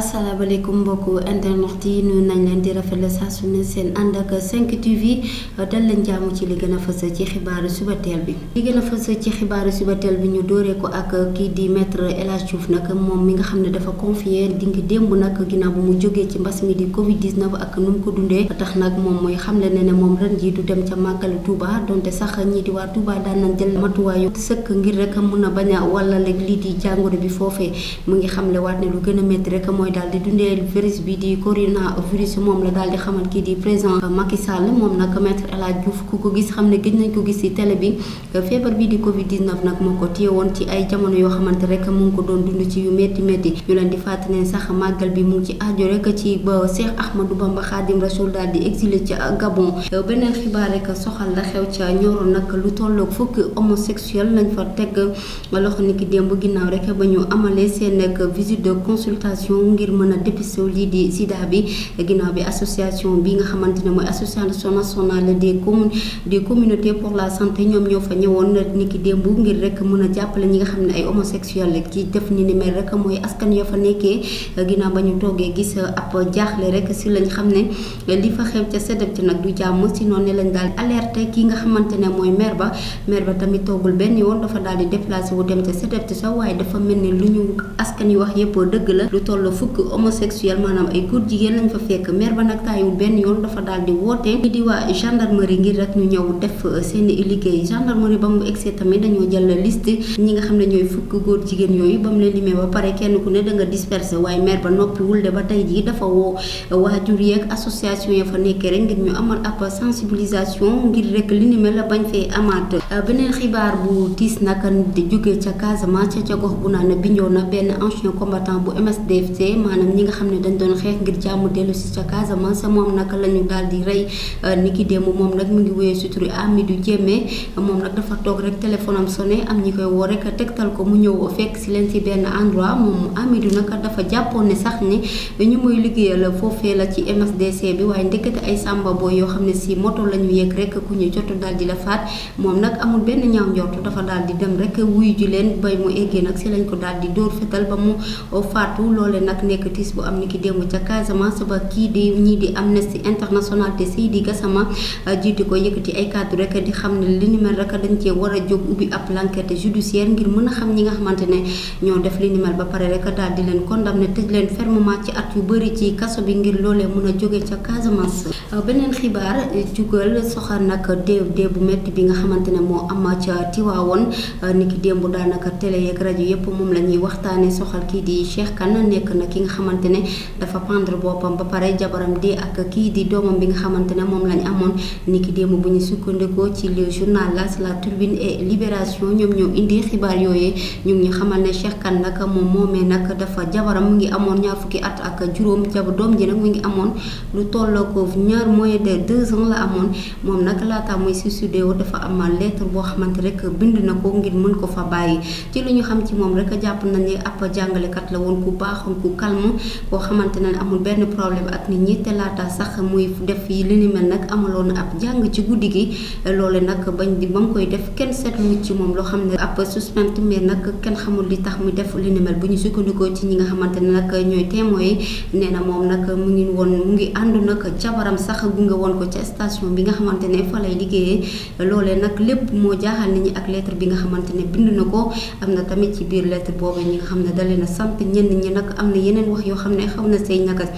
asalaamaaleykum mbokku internet yi nu nañ leen di rafetlu saa su ne seen ànd ak 5 TV dal leen jàmm ci li gën a fës ci xibaaru suba teel bi. li gën a fës ci xibaaru suba teel bi ñu dooree ko ak kii di maître El Hadj Diouf nag moom mi nga xam ne dafa confié dingi démb nag ginnaaw bu mu jógee ci mbas mi di Covid 19 ak nu mu ko dundee tax nag moom mooy xamle ne ne moom ren jii du dem ca màggalu Touba donte sax ñii di waa Touba daan nañ jël matuwaayu sëkk ngir rek mun a bañ a wàllale lii di jàngoro bi foofee mu ngi xamle waat ne lu gën a métti rek mooy. mooy daal di dundee virus bi di coronavirus moom la daal di xamal kii di président Macky Sall moom nag maître El Hadj Diouf ku ko gis xam ne gëj nañ ko gis ci télé bi feebar bi di Covid 19 nag moo ko téye ci ay jamono yoo xamante rek mu ngi ko doon dund ci yu métti métti ñu leen di fàttali ne sax màggal bi mu ci aajo rek ci ba Cheikh Ahmadou Bamba Khadim Rasoul daal di exilé ci Gabon beneen xibaar rek soxal la xew ca Nioro nag lu tolloog fukki homosexuel lañ ngir mën a dépister bi ginnaaw bi association bi nga xamante ne mooy association nationale des communes pour la santé ñoom ñoo fa ñëwoon ni ki démb ngir rek mën a jàppale ñi nga xam ne ay homosexuel ki def ni ni mel rek mooy askan yoo fa nekkee ginnaaw ba ñu toogee gis ab jaaxle rek si lañ xam ne li fa xew ca sedeb ci nag du jàmm si noonu lañ daal alerte ki nga xamante ne mooy maire ba maire ba tamit toogul benn yoon dafa daal di déplacé wu dem ca sedeb ci sa waaye dafa fukk homosexuel manam ay góor jigen lañ fa fekk mère ba nak taayiwul ben yoon dafa daal di woote ñi di wa gendarmerie ngir rek ñu ñew def euh, seen liggéey gendarmerie bam exé egsee tamit dañoo jël liste ñi nga xam ñoy ñooy fukk góor jigéen yooyu ba leen limé ba paré kenn ku ne da nga dispersé way mère ba wul de ba tay ji dafa wo wajur yek association ya fa nekk rek ngir ñu amal ab sensibilisation ngir rek li ni mel la bañ fay amate euh, benen xibar bu tis nag di jógee ca Casamance ca gox bu naan na ben ancien combattant bu MSDFC jotee maanaam ñi nga xam ne dañ doon xeex ngir jàmm dellu si ca Casamance moom nag la ñu daal di rey euh, ni ki moom nag mu ngi wéyee suturu Amidou Diémé moom nag dafa toog rek téléphone am sonné am ñi koy woo rek tegtal ko mu ñëw fekk si leen si benn endroit moom Amidou nag dafa jàppoon ne sax ni ñu muy liggéeyal foofee la ci MSDC bi waaye ndekete ay sàmba booy yoo xam ne si moto la ñu yegg rek ku ñu jot daal di la faat moom nag amul benn ñaaw njort dafa daal di dem rek wuy ji leen bay mu eggee nag si lañ ko daal di dóor fetal ba mu faatu loole nag ak nekk tiis bu am ni ki démb ca Casamance ba kii di ñii di Amnesty International te Seydi Gassama ah, jiitu ko yëkkati ay kàddu rek di xam ne li ni mel rek dañ cee war a jóg ubbi ab enquête judiciaire ngir mën a xam ñi nga xamante ne ñoo def li ni mel ba pare rek daal di leen condamné te leen fermement ci at yu bëri ci kaso bi ngir loole mun a jóge ca Casamance. Ah, beneen xibaar eh, jugal soxal nag dee dee bu metti bi nga xamante ne moo am ca Tiwaawoon ah, ni ki démb daanaka télé yeeg rajo yëpp moom la ñuy waxtaanee soxal kii di Cheikh ki nga xamantene ne dafa pendre bopam ba pare jabaram di ak ki di domam bi nga xamantene mom lañ amone niki demu buñu sukkandiko ci le journal la la turbine et libération ñom ñoo indi xibaar yoyé ñu ngi xamal ne cheikh kan mom momé nak dafa jabaram mu ngi amone ñaar fukki at ak juróom jab dom ji nak mu ngi amone lu tollo ko ñaar moyen de 2 ans la amoon moom nag laata muy suicidé wu dafa amal lettre bo xamantene rek bind na ko ngir mën ko fa bayyi ci lu ñu xam ci mom rek nañ ni ne jangale kat la won ku ku calme bo xamantene amul benn problème ak nit ñi la ta sax muy def yi li ni mel nag amaloon ab jang ci guddigi lolé nak bañ di ba mu koy def kenn lu ci mom lo xam ap ab suspente mais nag kenn xamul li tax muy def li ni mel buñu ñu ci ñi nga xamantene nak ñoy témoy néna mom nak mu ngi won mu ngi andu nak jabaram sax nga won ko ci station bi nga xamantene fa lay liggéeyee lolé nak lepp mo jaaxal nit ñi ak lettre bi nga xamantene bind nako amna tamit ci biir lettre bobu ñi nga dalena sante ñen ñi nak amna yeneen wax yoo xam ne xaw na say ñagas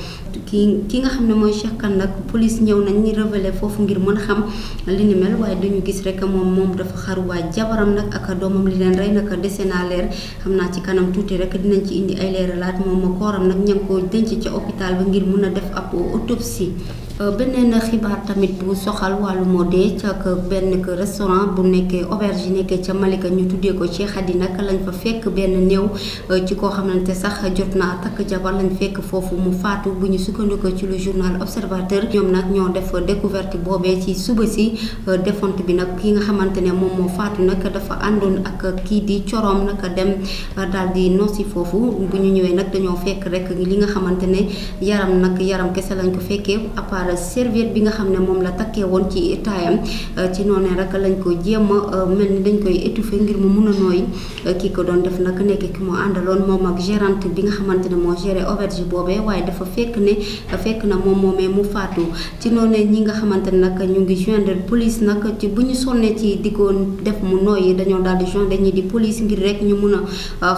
ki ki nga xam ne mooy Cheikh nag police ñëw nañ ñu révélé foofu ngir mën a xam li ni mel waaye dañu gis rek moom moom dafa xaru waa jabaram nag ak doomam li leen rey nag dese naa leer xam naa ci kanam tuuti rek dinañ ci indi ay leeralaat moom kooram nag ña koo ko denc ca hôpital ba ngir mën a def ab autopsie. Euh, beneen xibaar tamit bu soxal wàllu moo dee ca benn restaurant bu nekkee auberge nekkee ca Malika ñu tuddee ko Cheikh Hadi nag lañ fa fekk benn néew euh, ci koo xamante sax jot naa jabar lañ fekk fofu mu faatu bu ñu sukkandikoo ci le journal observateur ñom nak ñoo def découverte bobé ci suba ci eh, defont bi nak ki nga xamantene mom mo faatu nak dafa andon ak ki di ciorom nak dem eh, dal di nosi foofu bu ñu ñëwee nak dañoo fekk rek li nga xamantene yaram nak yaram kessa lañ ko fekke à part serviette bi nga xamne mom la takké won ci e taayam eh, ci noné rek lañ ko jëm melni dañ koy étouffer e ngir mu mëna noy ki ko doon def nak nekk ki mu andalon mom ak gérante bi nga xamantene mo Jere auberge bobé waaye dafa fekk ne fekk na mom momé mu faatu ci noné ñi nga xamante nak, ñu ngi joindre police nak ci buñu sonné ci diko def mu nooyi dañu dal di joindre ñi di police ngir rek ñu mëna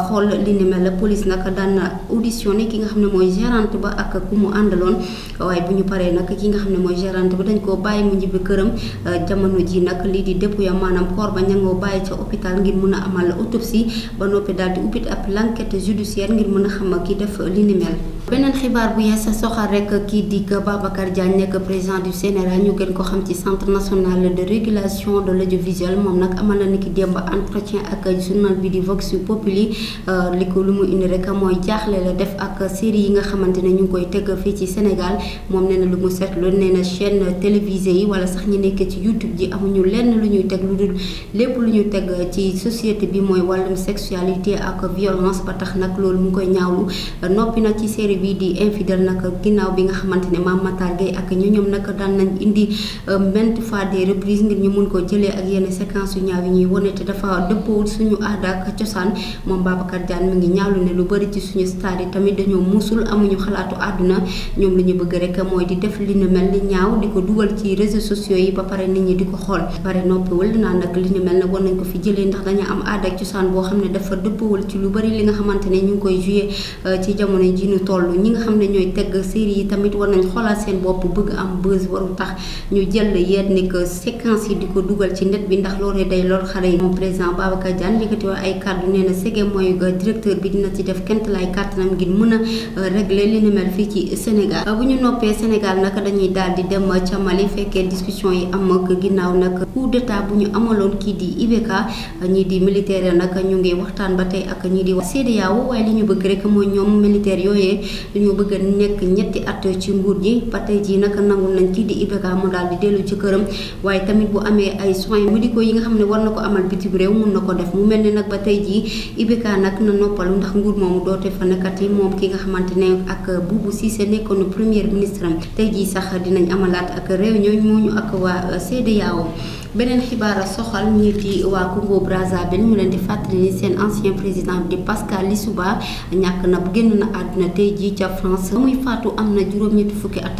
xol li ni mel police nak daan na ki nga xamné moy gérante ba ak ku mu andalon waaye buñu paré nak ki nga xamné moy gérante ba dañ ko bayyi mu ñibi kërëm jamono ji nak li di dépp ya manam koor ba ñango bayyi ci hôpital ngir mëna amal autopsie ba nopi dal di ubit ap l'enquête judiciaire ngir mëna xam ki def def li ni xibaar bu yees soxal rek kii di Babacar Diagne nekk président du CNRA ñu gën ko xam ci centre national de régulation de l'audiovisuel moom nag amal na ni ki démb entretien ak journal bi di Vox yu Populi euh, li ko lu mu indi rek mooy jaaxle la def ak série yi nga xamante ne ñu ngi koy teg fii ci Sénégal moom nee na lu mu seetlu nee na chaîne télévisée yi wala sax ñi nekk ci YouTube ji amuñu lenn lu ñuy teg lu dul lépp lu ñu teg ci société bi mooy wàllum sexualité ak violence ba tax nag loolu mu koy ñaawlu noppi na ci série bi di infidèle nag ginnaaw bi nga xamante ne Mame Matar Gueye ak ñu ñoom nag daan nañ indi euh, maintes fois des reprises ngir ñu mun ko jëlee ak yenn séquence yu ñaaw yi ñuy wane te dafa dëppoo suñu aada ak cosaan moom Babacar Diagne mu ngi ñaawlu lu bëri ci suñu stars yi tamit dañoo muusul amuñu xalaatu àdduna ñoom li ñu bëgg rek mooy di def li ñu mel ni ñaaw di ko dugal ci réseaux sociaux yi ba pare nit ñi di ko xool pare noppiwul dinaa nag li ñu ko fi jëlee ndax dañu am aada ak boo xam ne dafa dëppawul ci lu bëri li nga xamante ne ñu ngi koy joué euh, ci jamono ji ñu toll ñi nga xam ne ñooy tegg série yi tamit war nañ xoolaat seen bopp bëgg am buzz waru tax ñu jël yenn que séquence yi di ko dugal ci net bi ndax loolee day lool xale yi moom président Babacar Diagne yëkkati woon ay kàddu bi dina ci def kent lay kàttanam ngir mën a euh, régler li ni mel fii ci Sénégal bu ñu noppee Sénégal naka dañuy daal di dem ca Mali fekkee discussion yi am ak ginnaaw nag coup d'état bu ñu amaloon kii di IBK ñii di militaire nag ñu ngi waxtaan ba tey ak ñii di CEDEAO waaye li ñu bëgg rek mooy ñoom militaire yooyee dañoo bëgg a nekk ñetti at ci nguur gi ba tey jii nag nangul nañ kii di IBK mu daal di dellu ci këram waaye tamit bu amee ay soins médicaux yi nga xam ne war na ko amal bitim réew mun na ko def mu mel ne nag ba tey jii IBK nag na noppalu ndax nguur moom doote fa nekkat yi moom ki nga xamante ne ak Boubou see nekkoon premier ministre am tey jii sax dinañ amalaat ak réunion ñu ak waa euh, CEDEAO beneen xibaar a soxal ñi di waa Congo Brazzaville mu leen di fàttali ni seen ancien président di Pascal Lissouba ñàkk na bu génn na àdduna tey jii ca France ba muy faatu am na juróom-ñetti fukki at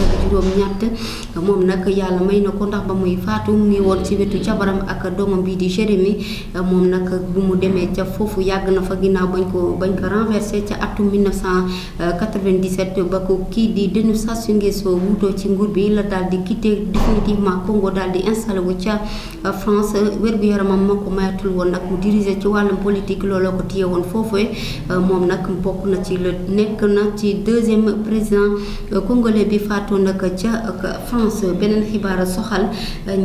ak moom nag yàlla may na ko ndax ba muy faatu mu woon ci wetu jabaram ak doomam bii di Jérémy moom nag bu mu demee ca foofu yàgg na fa ginnaaw bañ ko bañ ko renversé ca atum 1997 ba ko kii di Denis Sassou Nguesso wutoo ci nguur bi la daal di quitté définitivement Congo daal di installé wu ca. Euh, France wér gu yaramam moo ko mayatul woon nag mu diriger ci wàllum politique looloo ko téye woon foofee euh, moom nag bokk na ci la nekk na ci deuxième président euh, congolais bi faatu nag ca France beneen xibaar soxal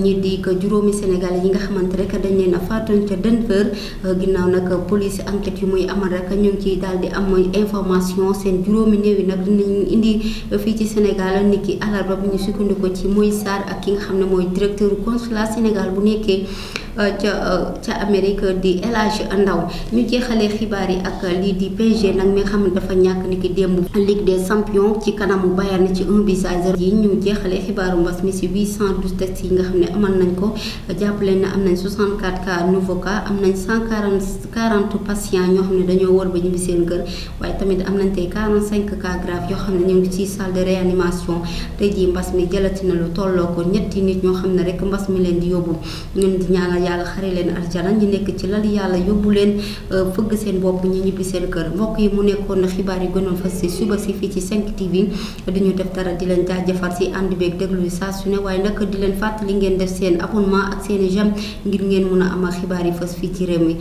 ñi di ko juróomi sénégalais yi nga xamante rek dañ leen a faatoon ca Denver ginnaaw nag police enquête yu muy amal rek ñu ngi ciy daal di am information seen juróomi néew yi nag dinañ indi fii ci Sénégal niki alarba bu ñu sukkandiku ci muy Sarr ak ki nga xam ne mooy directeur consulat Sénégal. नमूने के Euh, ca euh, ca Amérique di El Hadj Ndaw ñu jeexalee xibaar yi ak lii di PSG nag mi nga xam ne dafa ñàkk ni ki démb Ligue des champions ci kanamu Bayern ci 1 but yi ñu jeexalee xibaaru mbas mi si 812 tests yi nga xam ne amal nañ ko jàppale na am nañ 64 cas nouveau cas am nañ 140 40 patients ñoo xam ne dañoo war ba ñibbi seen kër waaye tamit am nañ tey 45 cas graves yoo xam ne ñu ngi ci salle de réanimation tey jii mbas mi jëlatina lu tolloo ko ñetti nit ñoo xam ne rek mbas mi leen di yóbbu ñun di ñaanal yàlla xare leen arjana ñi nekk ci lal yàlla yóbbu leen euh, fëgg seen bopp ñu ñibbi seen kër mbokk yi mu nekkoon na xibaar yi gënoon fas si suba si fii ci 5 TV di ñu def dara di leen jaajëfal si ànd beeg déglu yi saa su ne waaye nag di leen fàttali ngeen def seen abonnement ak seen i jam ngir ngeen mun a amal xibaar yi fas fii ci réew mi